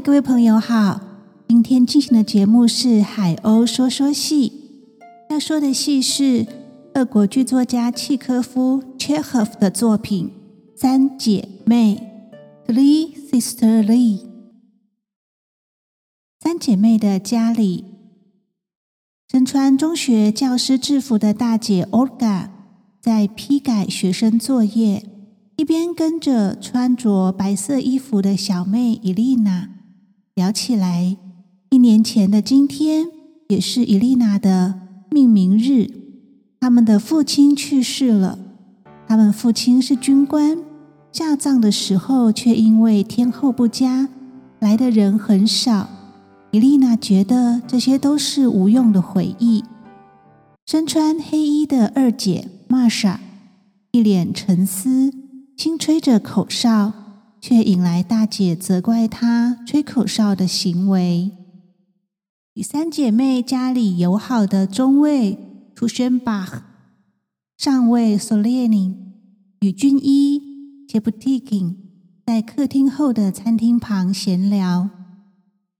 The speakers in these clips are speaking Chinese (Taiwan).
各位朋友好，今天進行的節目是海鷗說說戲。要說的戲是俄國劇作家契訶夫 （Chekhov） 的作品《三姐妹》（Three Sisters） l。三姐妹的家裡，身穿中學教師制服的大姐 Olga 在批改學生作業，一邊跟着穿着白色衣服的小妹伊麗娜。聊起來，一年前的今天也是伊麗娜的命名日。他們的父親去世了，他們父親是軍官。下葬的時候卻因為天候不佳，來的人很少。伊麗娜覺得這些都是無用的回憶。身穿黑衣的二姐瑪莎，一臉沉思，輕吹着口哨。卻引來大姐責怪她吹口哨的行為。與三姐妹家裡友好的中尉圖宣巴、上尉索列寧與軍醫傑布提金在客廳後的餐廳旁閒聊。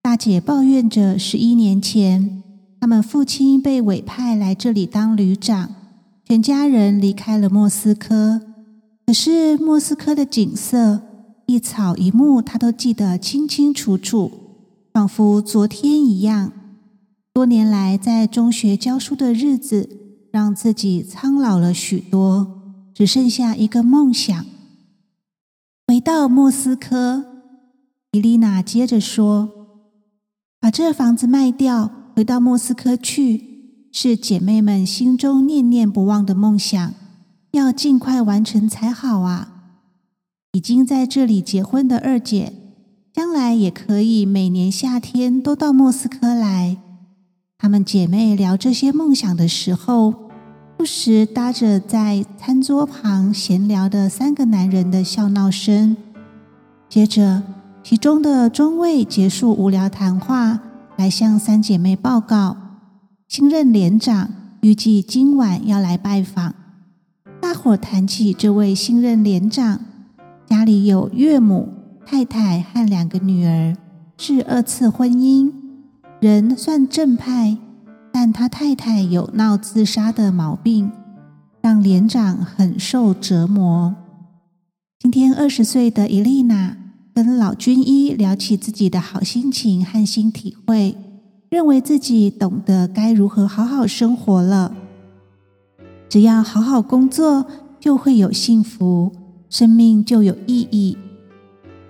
大姐抱怨着十一年前他們父親被委派來這裡當旅長，全家人離開了莫斯科。可是莫斯科的景色，一草一木，他都記得清清楚楚，仿彿昨天一樣。多年來在中學教書的日子，讓自己蒼老了許多，只剩下一個夢想：回到莫斯科。伊麗娜接着說：“把這房子賣掉，回到莫斯科去，是姐妹們心中念念不忘的夢想，要盡快完成才好啊。”已經在這裡結婚的二姐，將來也可以每年夏天都到莫斯科來。她們姐妹聊這些夢想的時候，不時搭着在餐桌旁閒聊的三個男人的笑鬧聲。接着，其中的中尉結束無聊談話，來向三姐妹報告，新任連長預計今晚要來拜訪。大夥談起這位新任連長。家裡有岳母、太太和兩個女兒，是二次婚姻，人算正派，但他太太有鬧自殺的毛病，讓連長很受折磨。今天二十歲的伊麗娜跟老軍醫聊起自己的好心情和新體會，認為自己懂得該如何好好生活了，只要好好工作，就會有幸福。生命就有意義。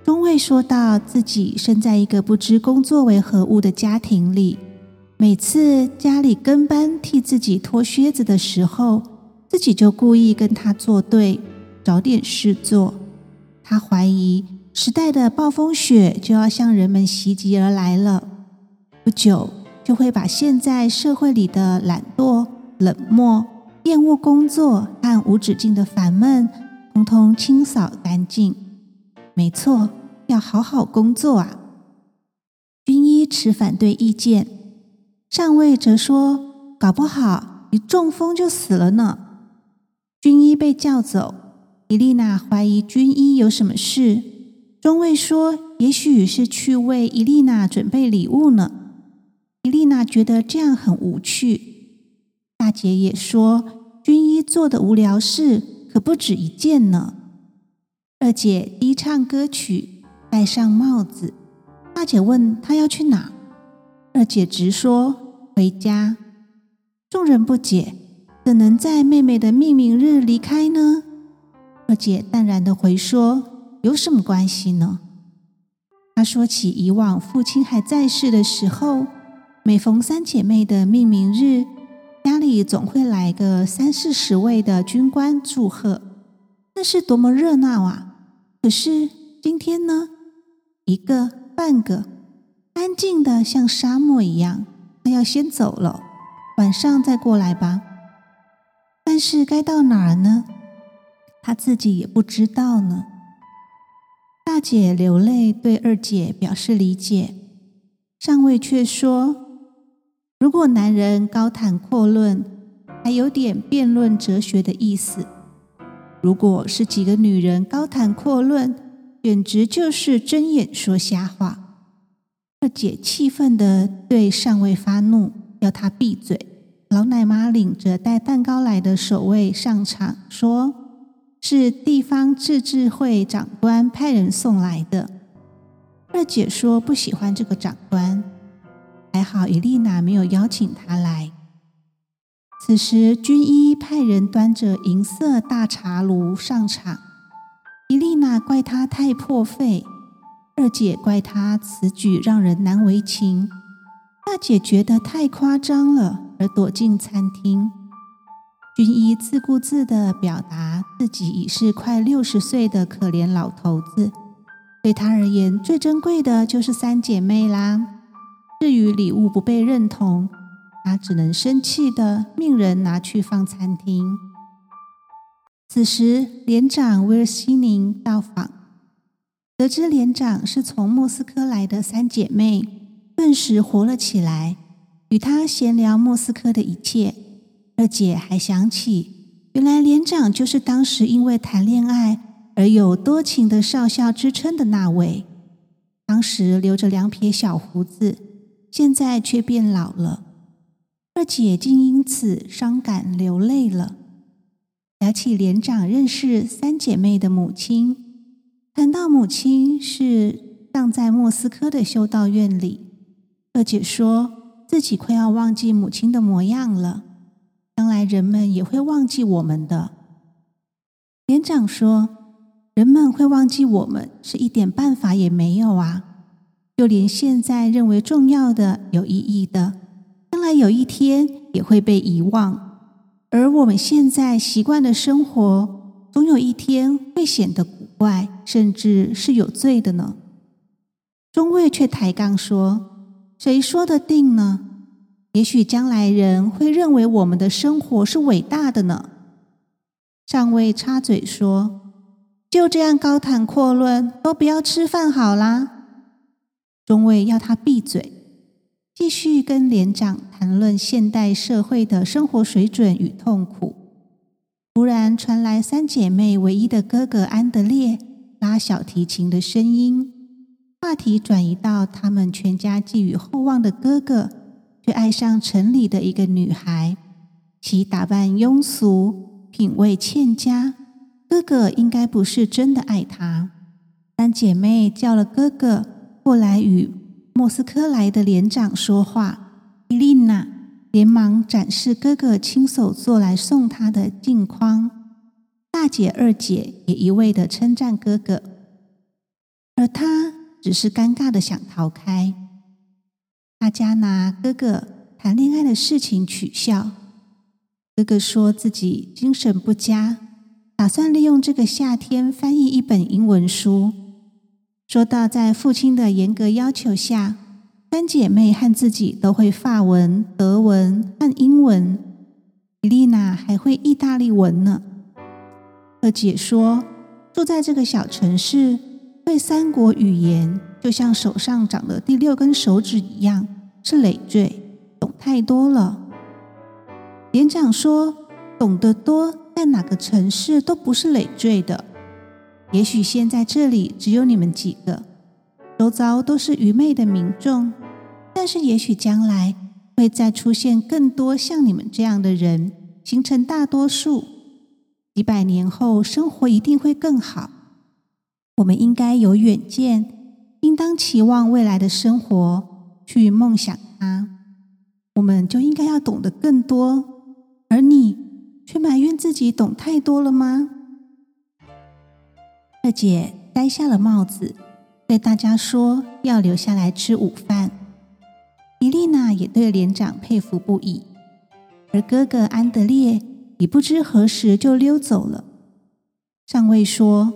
中尉說到自己生在一個不知工作為何物的家庭裡，每次家裡跟班替自己脫靴子的時候，自己就故意跟他作對，找點事做。他懷疑時代的暴風雪就要向人們襲擊而來了，不久就會把現在社會裡的懶惰、冷漠、厭惡工作和無止境的煩悶。通通清掃乾淨，沒錯，要好好工作啊！軍醫持反對意見，上尉則說：“搞不好你中風就死了呢。”軍醫被叫走，伊麗娜懷疑軍醫有什麼事。中尉說：“也許是去為伊麗娜準備禮物呢。”伊麗娜覺得這樣很無趣。大姐也說：“軍醫做的無聊事。”可不止一件呢。二姐低唱歌曲，戴上帽子。大姐問她要去哪，二姐直說回家。眾人不解，怎能在妹妹的命名日離開呢？二姐淡然地回說：“有什麼關係呢？”她說起以往父親還在世的時候，每逢三姐妹的命名日。總會來個三四十位的軍官祝賀，那是多麼熱鬧啊！可是今天呢，一個半個，安靜的像沙漠一樣。他要先走了，晚上再過來吧。但是該到哪兒呢？他自己也不知道呢。大姐流淚對二姐表示理解，上尉卻說。如果男人高談闊論，還有點辯論哲學的意思；如果是幾個女人高談闊論，簡直就是睜眼說瞎話。二姐氣憤地對上尉發怒，要他閉嘴。老奶媽領着帶蛋糕來的守衛上場，說是地方自治會長官派人送來的。二姐說不喜歡這個長官。還好伊麗娜沒有邀請他來。此時軍醫派人端着銀色大茶爐上場，伊麗娜怪他太破費，二姐怪他此舉讓人難為情，大姐覺得太誇張了，而躲進餐廳。軍醫自顧自的表達自己已是快六十歲的可憐老頭子，對他而言最珍貴的就是三姐妹啦。至於禮物不被認同，他只能生氣地命人拿去放餐廳。此時，連長威爾西寧到訪，得知連長是從莫斯科來的三姐妹，頓時活了起來，與她閒聊莫斯科的一切。二姐還想起，原來連長就是當時因為談戀愛而有多情的少校之稱的那位，當時留着兩撇小鬍子。現在卻變老了，二姐竟因此傷感流淚了。聊起連長認識三姐妹的母親，談到母親是葬在莫斯科的修道院裡，二姐說自己快要忘記母親的模樣了，將來人們也會忘記我們的。連長說：“人們會忘記我們，是一點辦法也沒有啊。”就連現在認為重要的、有意義的，將來有一天也會被遺忘；而我們現在習慣的生活，總有一天會顯得古怪，甚至是有罪的呢。中尉卻抬槓說：“誰說得定呢？也許將來人會認為我們的生活是偉大的呢。”上尉插嘴說：“就這樣高談闊論，都不要吃飯好啦。”中尉要他閉嘴，繼續跟連長談論現代社會的生活水準與痛苦。突然傳來三姐妹唯一的哥哥安德烈拉小提琴的聲音，話題轉移到他們全家寄予厚望的哥哥，卻愛上城裡的一個女孩。其打扮庸俗，品味欠佳，哥哥應該不是真的愛她。三姐妹叫了哥哥。過來與莫斯科來的連長說話，伊麗娜連忙展示哥哥親手做來送她的鏡框。大姐、二姐也一味的稱讚哥哥，而他只是尷尬的想逃開。大家拿哥哥談戀愛的事情取笑，哥哥說自己精神不佳，打算利用這個夏天翻譯一本英文書。說到在父親的嚴格要求下，三姐妹和自己都會法文、德文和英文，麗娜還會意大利文呢。二姐說，住在這個小城市，會三國語言就像手上長的第六根手指一樣，是累贅，懂太多了。連長說，懂得多，在哪個城市都不是累贅的。也許現在這裡只有你們幾個，周遭都是愚昧的民眾，但是也許將來會再出現更多像你們這樣的人，形成大多數。幾百年後，生活一定會更好。我們應該有遠見，應當期望未來的生活，去夢想它。我們就應該要懂得更多，而你卻埋怨自己懂太多了嗎？二姐摘下了帽子，對大家說：“要留下來吃午飯。”伊麗娜也對連長佩服不已，而哥哥安德烈也不知何時就溜走了。上尉說：“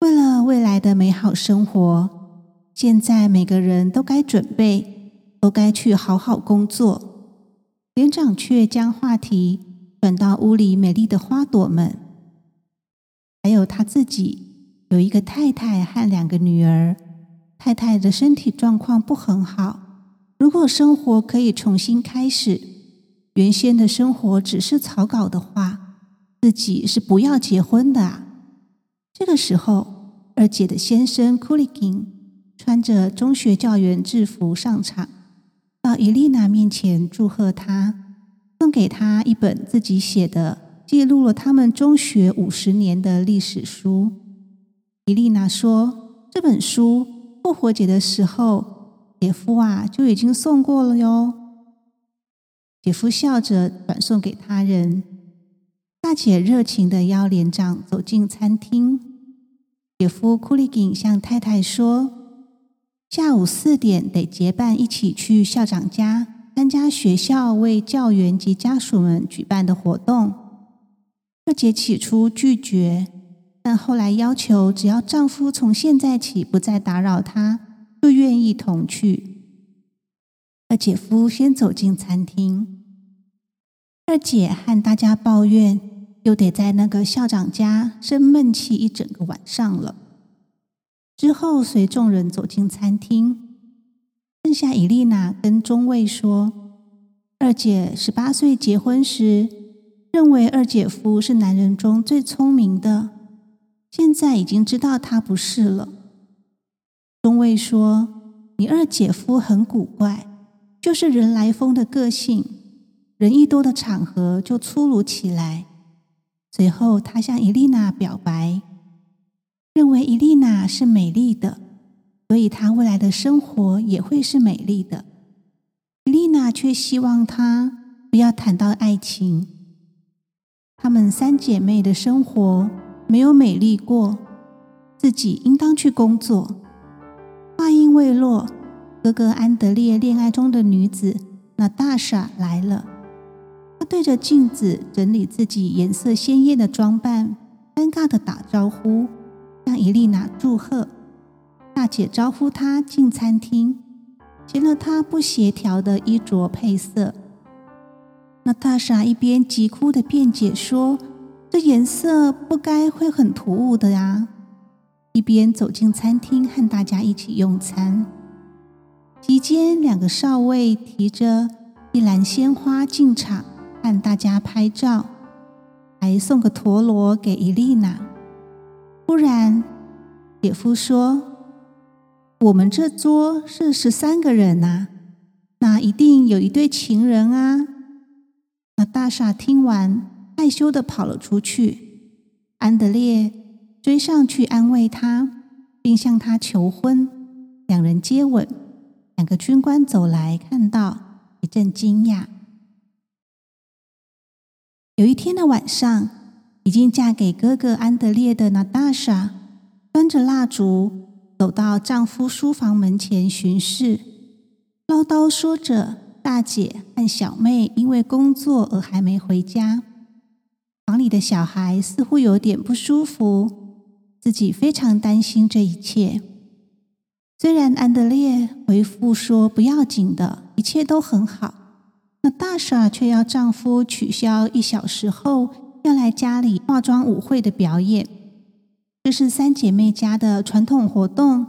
為了未來的美好生活，現在每個人都該準備，都該去好好工作。”連長卻將話題轉到屋裡美麗的花朵們。還有他自己有一個太太和兩個女兒，太太的身體狀況不很好。如果生活可以重新開始，原先的生活只是草稿的話，自己是不要結婚的啊。這個時候，二姐的先生庫利金穿着中學教員制服上場，到伊麗娜面前祝賀她，送給她一本自己寫的。記錄了他們中學五十年的歷史書。伊麗娜說：“這本書復活節的時候，姐夫啊就已經送過了喲。”姐夫笑着轉送給他人。大姐熱情地邀連長走進餐廳。姐夫庫利金向太太說：“下午四點得結伴一起去校長家參加學校為教員及家屬們舉辦的活動。”二姐起初拒絕，但後來要求只要丈夫從現在起不再打擾她，就願意同去。二姐夫先走進餐廳，二姐和大家抱怨，又得在那個校長家生悶氣一整個晚上了。之後隨眾人走進餐廳，剩下伊麗娜跟中尉說：“二姐十八歲結婚時。”認為二姐夫是男人中最聰明的，現在已經知道他不是了。中尉說：“你二姐夫很古怪，就是人來瘋的個性，人一多的場合就粗魯起來。”隨後，他向伊麗娜表白，認為伊麗娜是美麗的，所以她未來的生活也會是美麗的。伊麗娜卻希望他不要談到愛情。她們三姐妹的生活沒有美麗過，自己應當去工作。話音未落，哥哥安德烈戀愛中的女子娜塔莎來了。她對着鏡子整理自己顏色鮮豔的裝扮，尷尬地打招呼，向伊麗娜祝賀。大姐招呼她進餐廳，嫌了她不協調的衣着配色。那塔莎一邊急哭的辯解說：“這顏色不該會很突兀的呀。”一邊走進餐廳和大家一起用餐。席間，兩個少尉提着一籃鮮花進場，和大家拍照，還送個陀螺給伊麗娜。忽然，姐夫說：“我們這桌是十三個人吶，那一定有一對情人啊。”娜塔莎聽完，害羞地跑了出去。安德烈追上去安慰她，並向她求婚。兩人接吻。兩個軍官走來，看到一陣驚訝。有一天的晚上，已經嫁給哥哥安德烈的娜塔莎，端着蠟燭走到丈夫書房門前巡視，嘮叨說着。大姐和小妹因為工作而還沒回家，房裡的小孩似乎有點不舒服，自己非常擔心這一切。雖然安德烈回復說不要緊的，一切都很好，娜塔莎卻要丈夫取消一小時後要來家裡化妝舞會的表演，這是三姐妹家的傳統活動。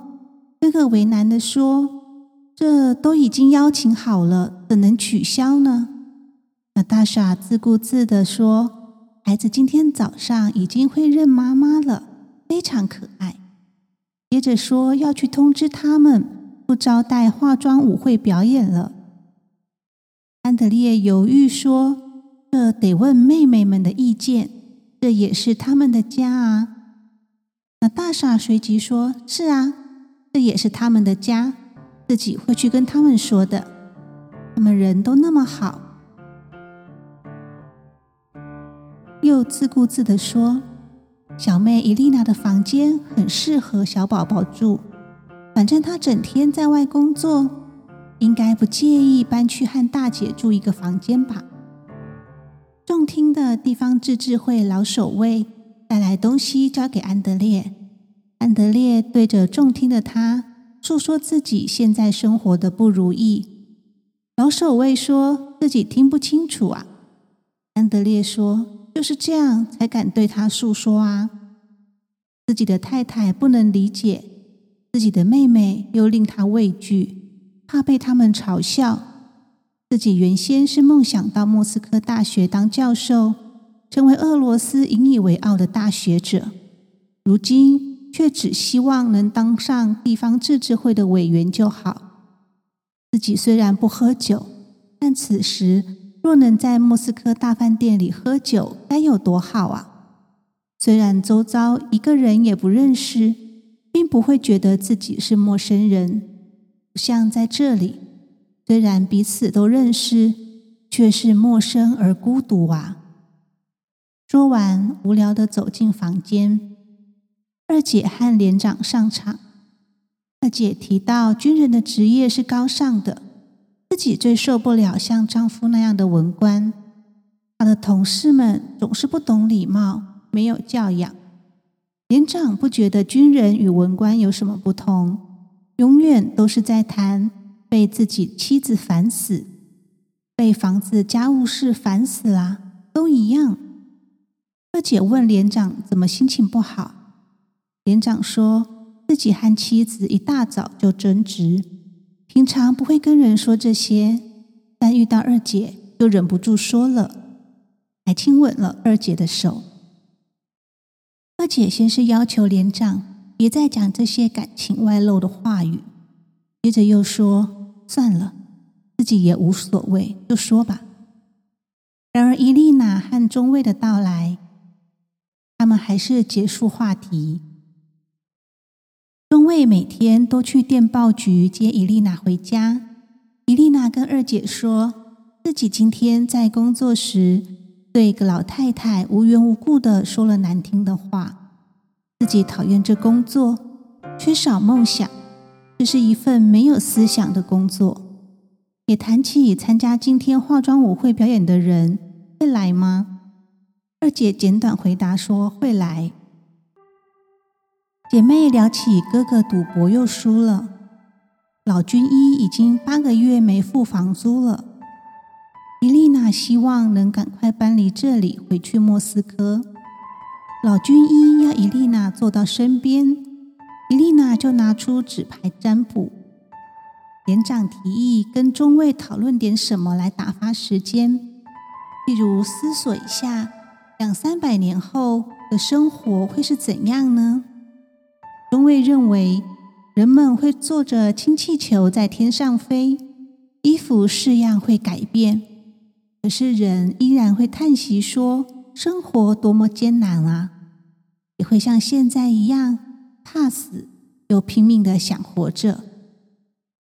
哥哥為難地說。這都已經邀請好了，怎能取消呢？那大傻自顧自地說：“孩子今天早上已經會認媽媽了，非常可愛。”接着說要去通知他們，不招待化妝舞會表演了。安德烈猶豫說：“這得問妹妹們的意見，這也是他們的家啊。”那大傻隨即說：“是啊，這也是他們的家。”自己會去跟他們說的，他們人都那麼好，又自顧自地說：“小妹伊麗娜的房間很適合小寶寶住，反正她整天在外工作，應該不介意搬去和大姐住一個房間吧。”重聽，的地方自治會老守衛帶來東西交給安德烈，安德烈對着重聽的他。訴說自己現在生活的不如意，老守衛說自己聽不清楚啊。安德烈說：“就是這樣才敢對他訴說啊。自己的太太不能理解，自己的妹妹又令他畏懼，怕被他們嘲笑。自己原先是夢想到莫斯科大學當教授，成為俄羅斯引以為傲的大學者，如今。”卻只希望能當上地方自治會的委員就好。自己雖然不喝酒，但此時若能在莫斯科大飯店裡喝酒，該有多好啊！雖然周遭一個人也不認識，並不會覺得自己是陌生人，不像在這裡，雖然彼此都認識，卻是陌生而孤獨啊。說完，無聊的走進房間。二姐和連長上場。二姐提到，軍人的職業是高尚的，自己最受不了像丈夫那樣的文官。他的同事們總是不懂禮貌，沒有教養。連長不覺得軍人與文官有什麼不同，永遠都是在談被自己妻子煩死，被房子家務事煩死了，都一樣。二姐問連長怎麼心情不好？連長說自己和妻子一大早就爭執，平常不會跟人說這些，但遇到二姐就忍不住說了，還親吻了二姐的手。二姐先是要求連長別再講這些感情外露的話語，接着又說算了，自己也無所謂，就說吧。然而伊麗娜和中尉的到來，他們還是結束話題。中尉每天都去電報局接伊麗娜回家。伊麗娜跟二姐說自己今天在工作時對一個老太太無緣無故的說了難聽的話，自己討厭這工作，缺少夢想，這是一份沒有思想的工作。也談起參加今天化妝舞會表演的人會來嗎？二姐簡短回答說會來。姐妹聊起哥哥賭博又輸了，老軍醫已經八個月沒付房租了。伊麗娜希望能趕快搬離這裡，回去莫斯科。老軍醫要伊麗娜坐到身邊，伊麗娜就拿出紙牌占卜。連長提議跟中尉討論點什麼來打發時間，例如思索一下兩三百年後的生活會是怎樣呢？中尉認為，人們會坐着氫氣球在天上飛，衣服式樣會改變，可是人依然會嘆息說：“生活多麼艱難啊！”也會像現在一樣怕死，又拼命的想活着。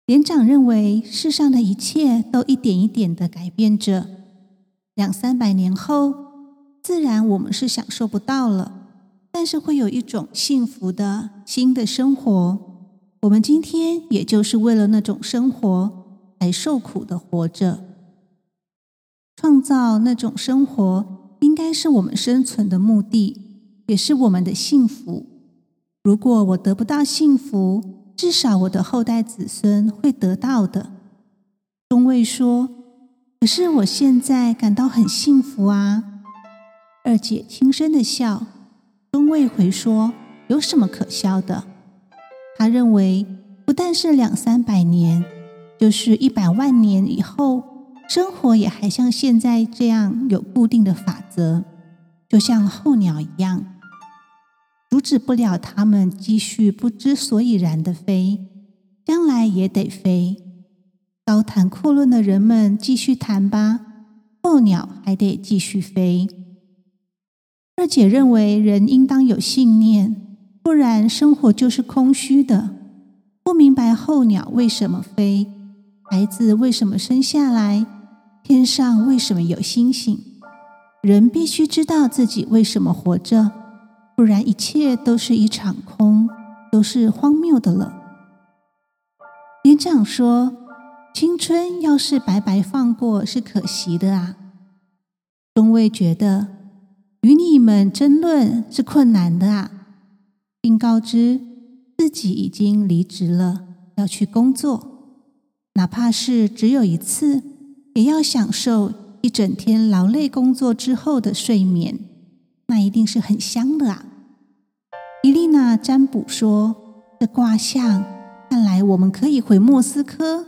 連長認為，世上的一切都一點一點的改變着，兩三百年後，自然我們是享受不到了。但是會有一種幸福的新的生活。我們今天也就是為了那種生活才受苦的活着，創造那種生活應該是我們生存的目的，也是我們的幸福。如果我得不到幸福，至少我的後代子孫會得到的。中尉說：“可是我現在感到很幸福啊。”二姐輕聲的笑。魏回說：“有什麼可笑的？他認為不但是兩三百年，就是一百萬年以後，生活也還像現在這樣有固定的法則，就像候鳥一樣，阻止不了它們繼續不知所以然的飛。將來也得飛。高談闊論的人們繼續談吧，候鳥還得繼續飛。”二姐認為人應當有信念，不然生活就是空虛的。不明白候鳥為什麼飛，孩子為什麼生下來，天上為什麼有星星，人必須知道自己為什麼活着，不然一切都是一場空，都是荒謬的了。連長說：“青春要是白白放過是可惜的啊。”中尉覺得。與你們爭論是困難的啊，並告知自己已經離職了，要去工作。哪怕是只有一次，也要享受一整天勞累工作之後的睡眠，那一定是很香的啊。伊麗娜占卜說：“這卦象看來，我們可以回莫斯科。”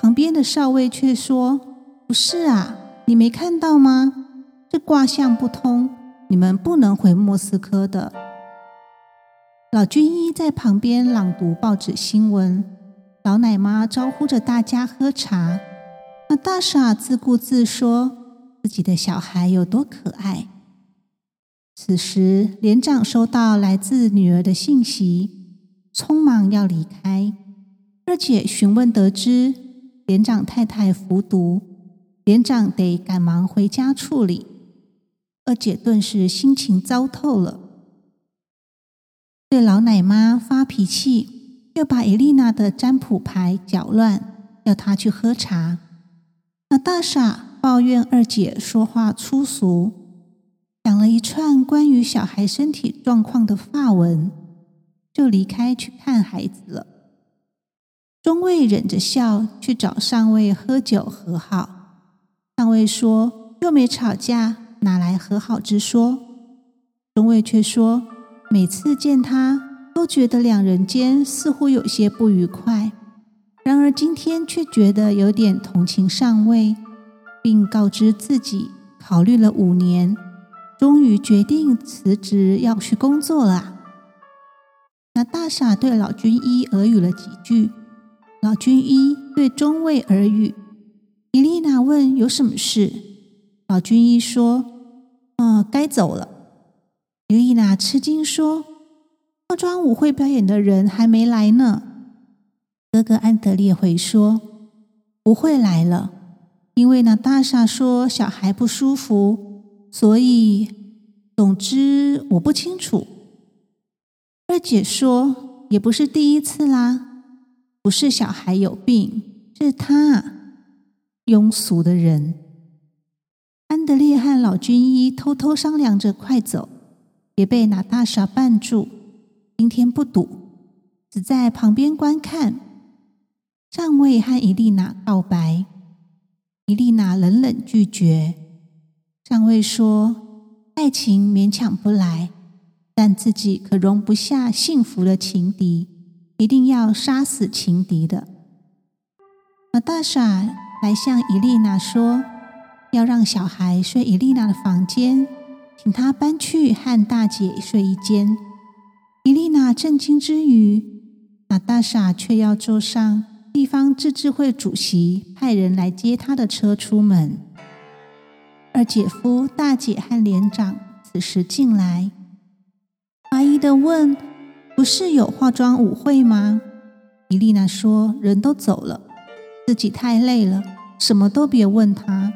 旁邊的少尉卻說：“不是啊，你沒看到嗎？”這卦象，不通，你們不能回莫斯科的。老軍醫在旁邊朗讀報紙新聞，老奶媽招呼着大家喝茶。那大傻自顧自說自己的小孩有多可愛。此時，連長收到來自女兒的信息，匆忙要離開。二姐詢問得知，連長太太服毒，連長得趕忙回家處理。二姐頓時心情糟透了，對老奶媽發脾氣，又把伊麗娜的占卜牌攪亂，要她去喝茶。娜塔莎抱怨二姐說話粗俗，講了一串關於小孩身體狀況的發文，就離開去看孩子了。中尉忍着笑去找上尉喝酒和好，上尉說又沒吵架。哪來和好之說？中尉卻說，每次見他都覺得兩人間似乎有些不愉快，然而今天卻覺得有點同情上尉，並告知自己考慮了五年，終於決定辭職要去工作了。那大傻對老軍醫耳語了幾句，老軍醫對中尉耳語。伊麗娜問有什麼事？老軍醫說。哦，該走了。伊莉娜吃驚說：“化妝舞會表演的人還沒來呢。”哥哥安德烈回說：“不會來了，因為那大傻說小孩不舒服，所以……總之我不清楚。”二姐說：“也不是第一次啦，不是小孩有病，是他庸俗的人。”安德烈和老軍醫偷偷商量着快走，別被娜大傻絆住。今天不賭，只在旁邊觀看。上尉和伊麗娜告白，伊麗娜冷冷拒絕。上尉說：“愛情勉強不來，但自己可容不下幸福的情敵，一定要殺死情敵的。”馬大傻來向伊麗娜說。要讓小孩睡伊麗娜的房間，請她搬去和大姐睡一間。伊麗娜震驚之餘，娜塔莎卻要坐上地方自治會主席派人來接她的車出門。二姐夫、大姐和連長此時進來，懷疑的問：“不是有化妝舞會嗎？”伊麗娜說：“人都走了，自己太累了，什麼都別問她。”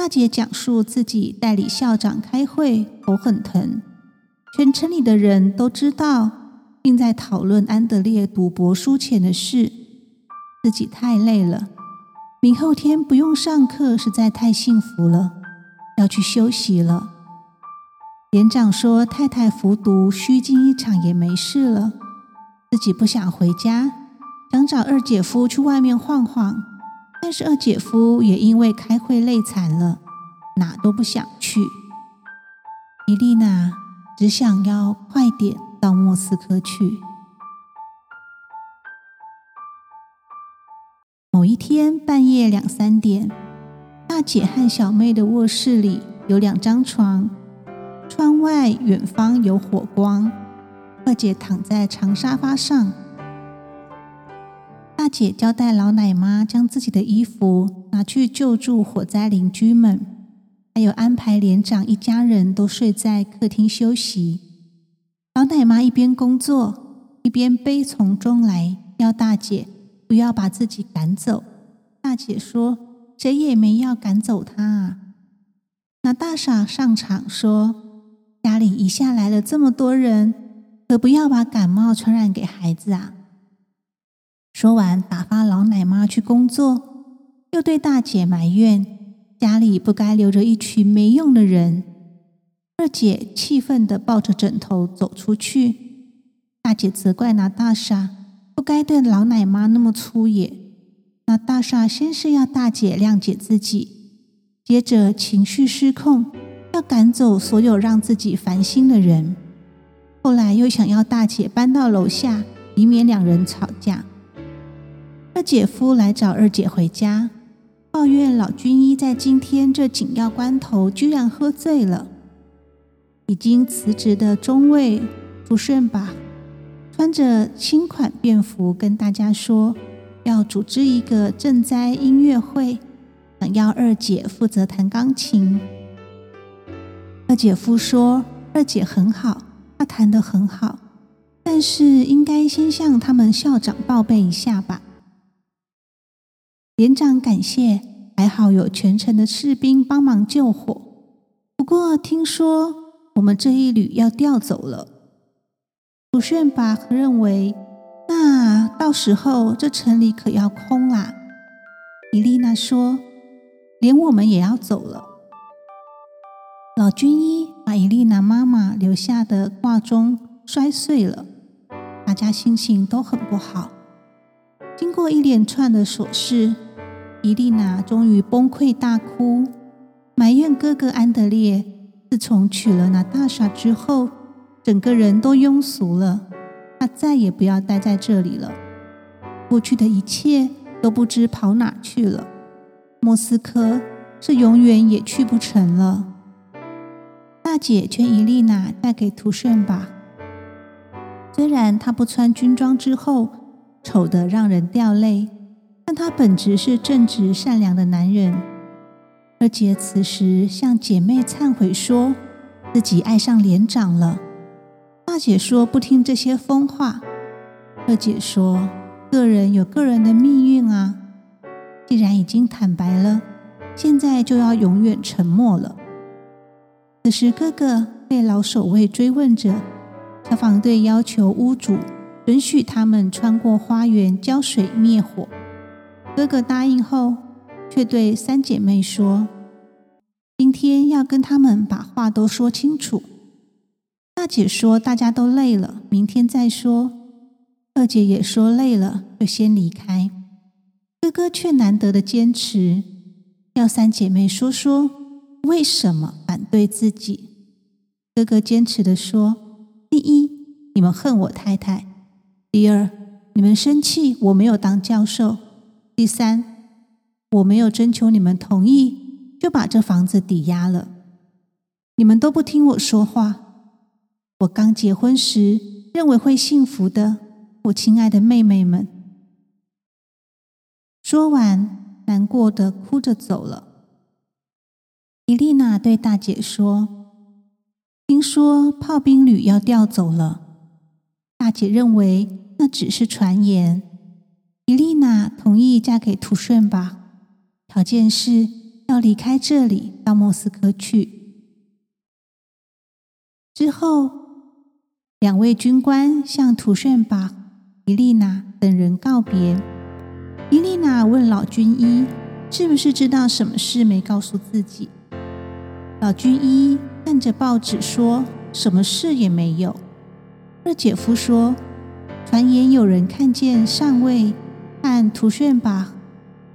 大姐講述自己代理校長開會，頭很疼，全城裡的人都知道，並在討論安德烈賭博輸錢的事。自己太累了，明後天不用上課，實在太幸福了，要去休息了。連長說太太服毒，虛驚一場也沒事了。自己不想回家，想找二姐夫去外面晃晃。但是二姐夫也因為開會累慘了，哪都不想去。伊麗娜只想要快點到莫斯科去。某一天半夜兩三點，大姐和小妹的臥室裡有兩張床，窗外遠方有火光。二姐躺在長沙發上。大姐交代老奶媽將自己的衣服拿去救助火災鄰居們，還有安排連長一家人都睡在客廳休息。老奶媽一邊工作一邊悲從中來，要大姐不要把自己趕走。大姐說：“誰也沒要趕走她啊。”娜塔莎上場說：“家裡一下來了這麼多人，可不要把感冒傳染給孩子啊。”說完，打發老奶媽去工作，又對大姐埋怨：“家裡不該留着一群沒用的人。”二姐氣憤地抱着枕頭走出去。大姐責怪娜塔莎，不該對老奶媽那麼粗野。娜塔莎先是要大姐諒解自己，接着情緒失控，要趕走所有讓自己煩心的人。後來又想要大姐搬到樓下，以免兩人吵架。二姐夫來找二姐回家，抱怨老軍醫在今天這緊要關頭居然喝醉了。已經辭職的中尉不順吧，穿着新款便服跟大家說要組織一個賑災音樂會，想要二姐負責彈鋼琴。二姐夫說：“二姐很好，她彈得很好，但是應該先向他們校長報備一下吧。”連長感謝，還好有全城的士兵幫忙救火。不過聽說我們這一旅要調走了。楚炫巴認為，那到時候這城裡可要空啦、啊。伊麗娜說，連我們也要走了。老軍醫把伊麗娜媽媽留下的掛鐘摔碎了，大家心情都很不好。經過一連串的瑣事。伊麗娜終於崩潰大哭，埋怨哥哥安德烈：“自從娶了娜塔莎之後，整個人都庸俗了。她再也不要待在這裡了。過去的一切都不知跑哪去了。莫斯科是永遠也去不成了。”大姐勸伊麗娜嫁給圖順吧，雖然他不穿軍裝之後醜得讓人掉淚。但他本質是正直善良的男人。二姐此時向姐妹懺悔說，說自己愛上連長了。大姐說不聽這些瘋話。二姐說個人有個人的命運啊，既然已經坦白了，現在就要永遠沉默了。此時哥哥被老守衛追問着，消防隊要求屋主允許他們穿過花園澆水滅火。哥哥答應後，卻對三姐妹說：“今天要跟他們把話都說清楚。”大姐說：“大家都累了，明天再說。”二姐也說：“累了就先離開。”哥哥卻難得地堅持，要三姐妹說說為什麼反對自己。哥哥堅持地說：“第一，你們恨我太太；第二，你們生氣我沒有當教授。”第三，我沒有徵求你們同意就把這房子抵押了，你們都不聽我說話。我剛結婚時認為會幸福的，我親愛的妹妹們。說完，難過的哭着走了。伊麗娜對大姐說：“聽說炮兵旅要調走了。”大姐認為那只是傳言。伊麗娜同意嫁給圖順巴，條件是要離開這裡到莫斯科去。之後，兩位軍官向圖順巴、伊麗娜等人告別。伊麗娜問老軍醫：“是不是知道什麼事沒告訴自己？”老軍醫看着報紙說：“什麼事也沒有。”二姐夫說：“傳言有人看見上尉。”看圖炫巴，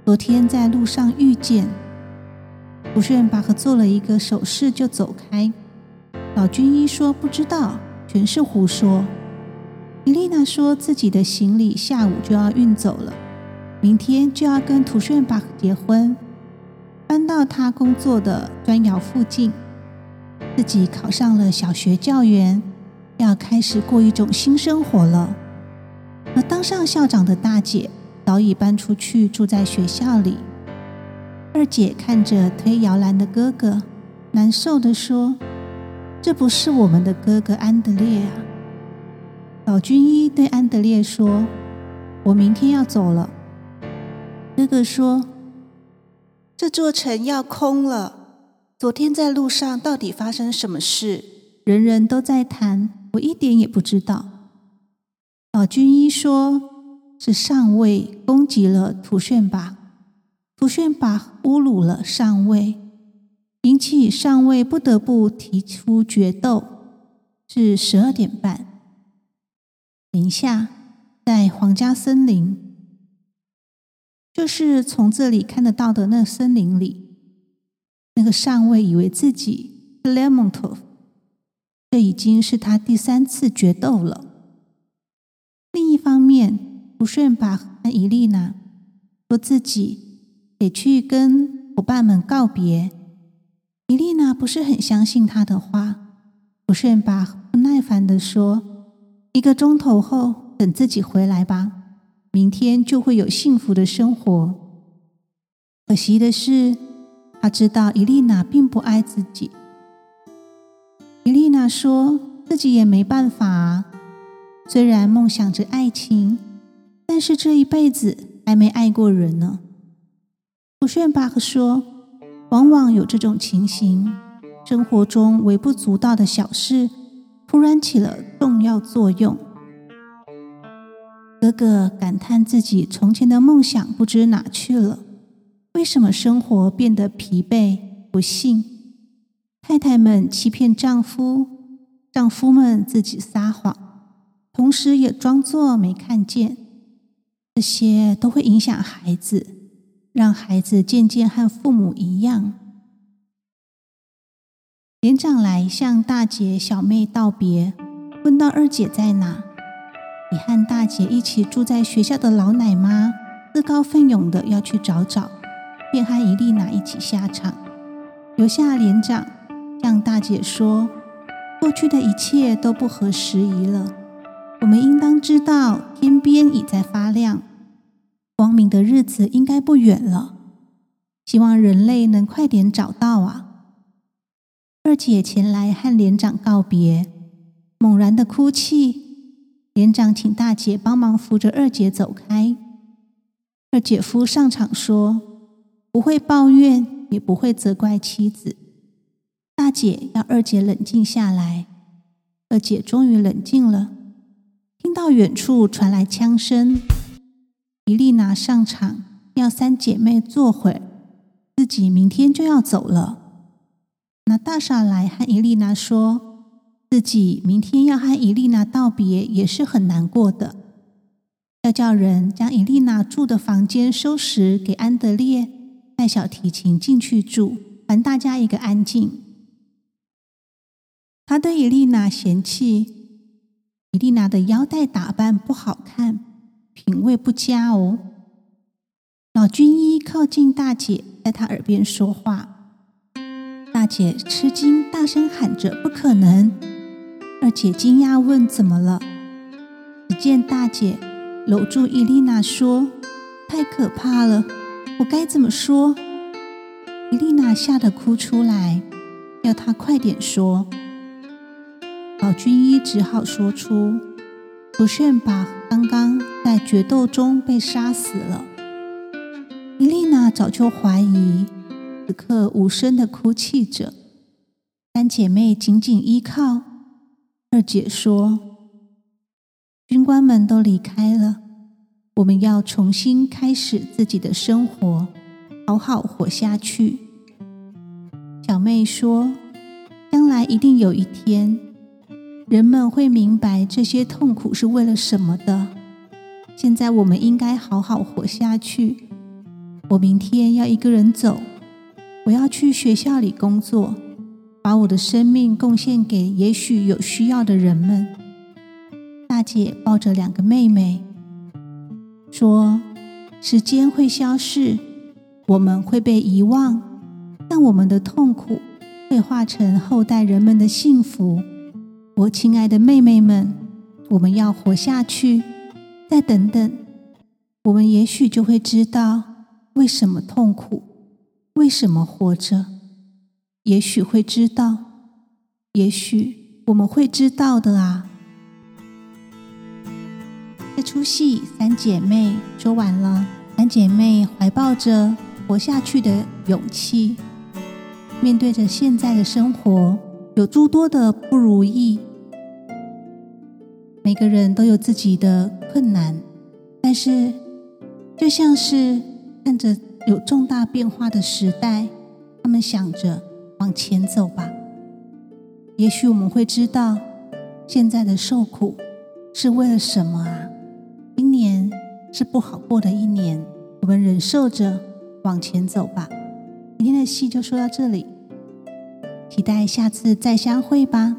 昨天在路上遇見圖炫巴做了一個手勢，就走開。老軍醫說不知道，全是胡說。伊麗娜說自己的行李下午就要運走了，明天就要跟圖炫巴結婚，搬到他工作的磚窯附近。自己考上了小學教員，要開始過一種新生活了。而當上校長的大姐。早已搬出去住在學校裡。二姐看着推搖籃的哥哥，難受地說：“這不是我們的哥哥安德烈啊！”老軍醫對安德烈說：“我明天要走了。”哥哥說：“這座城要空了，昨天在路上到底發生什麼事？人人都在談，我一點也不知道。”老軍醫說。是上尉攻擊了圖炫巴，圖炫巴侮辱了上尉，引起上尉不得不提出決鬥。至十二點半，零下，在皇家森林，就是從這裡看得到的那森林裡，那個上尉以為自己，Lermontov，這已經是他第三次決鬥了。普順巴和伊麗娜說自己得去跟夥伴們告別。伊麗娜不是很相信他的話。普順巴不耐煩地說：“一個鐘頭後等自己回來吧，明天就會有幸福的生活。”可惜的是，他知道伊麗娜並不愛自己。伊麗娜說自己也沒辦法，雖然夢想着愛情。但是這一輩子還沒愛過人呢。屠森巴赫說：“往往有這種情形，生活中微不足道的小事突然起了重要作用。”哥哥感嘆自己從前的夢想不知哪去了。為什麼生活變得疲憊不幸？太太們欺騙丈夫，丈夫們自己撒謊，同時也裝作沒看見。這些都會影響孩子，讓孩子漸漸和父母一樣。連長來向大姐、小妹道別，問到二姐在哪？你和大姐一起住在學校的老奶媽自告奮勇的要去找找，便和伊麗娜一起下場，留下連長向大姐說：“過去的一切都不合時宜了，我們應當知道天邊已在發亮。”光明的日子應該不遠了，希望人類能快點找到啊！二姐前來和連長告別，猛然的哭泣。連長請大姐幫忙扶着二姐走開。二姐夫上場說：“不會抱怨，也不會責怪妻子。”大姐要二姐冷靜下來，二姐終於冷靜了。聽到遠處傳來槍聲。伊麗娜上場，要三姐妹坐會，自己明天就要走了。娜塔莎來和伊麗娜說，自己明天要和伊麗娜道別，也是很難過的。要叫人將伊麗娜住的房間收拾，給安德烈帶小提琴進去住，還大家一個安靜。她對伊麗娜嫌棄，伊麗娜的腰帶打扮不好看。品味不佳哦。老軍醫靠近大姐，在她耳邊說話。大姐吃驚，大聲喊着：“不可能！”二姐驚訝問：“怎麼了？”只見大姐摟住伊麗娜說：“太可怕了，我該怎麼說？”伊麗娜嚇得哭出來，要她快點說。老軍醫只好說出：“不炫把剛剛……”在決鬥中被殺死了。伊麗娜早就懷疑，此刻無聲的哭泣着。三姐妹緊緊依靠。二姐說：“軍官們都離開了，我們要重新開始自己的生活，好好活下去。”小妹說：“將來一定有一天，人們會明白這些痛苦是為了什麼的。”現在我們應該好好活下去。我明天要一個人走，我要去學校裡工作，把我的生命貢獻給也許有需要的人們。大姐抱着兩個妹妹說：“時間會消逝，我們會被遺忘，但我們的痛苦會化成後代人們的幸福。”我親愛的妹妹們，我們要活下去。再等等，我們也許就會知道為什麼痛苦，為什麼活着。也許會知道，也許我們會知道的啊！這出戲三姐妹說完了，三姐妹懷抱着活下去的勇氣，面對着現在的生活，有諸多的不如意。每個人都有自己的困難，但是就像是看着有重大變化的時代，他們想着往前走吧。也許我們會知道現在的受苦是為了什麼啊，今年是不好過的一年，我們忍受着往前走吧。今天的戲就說到這裡，期待下次再相會吧。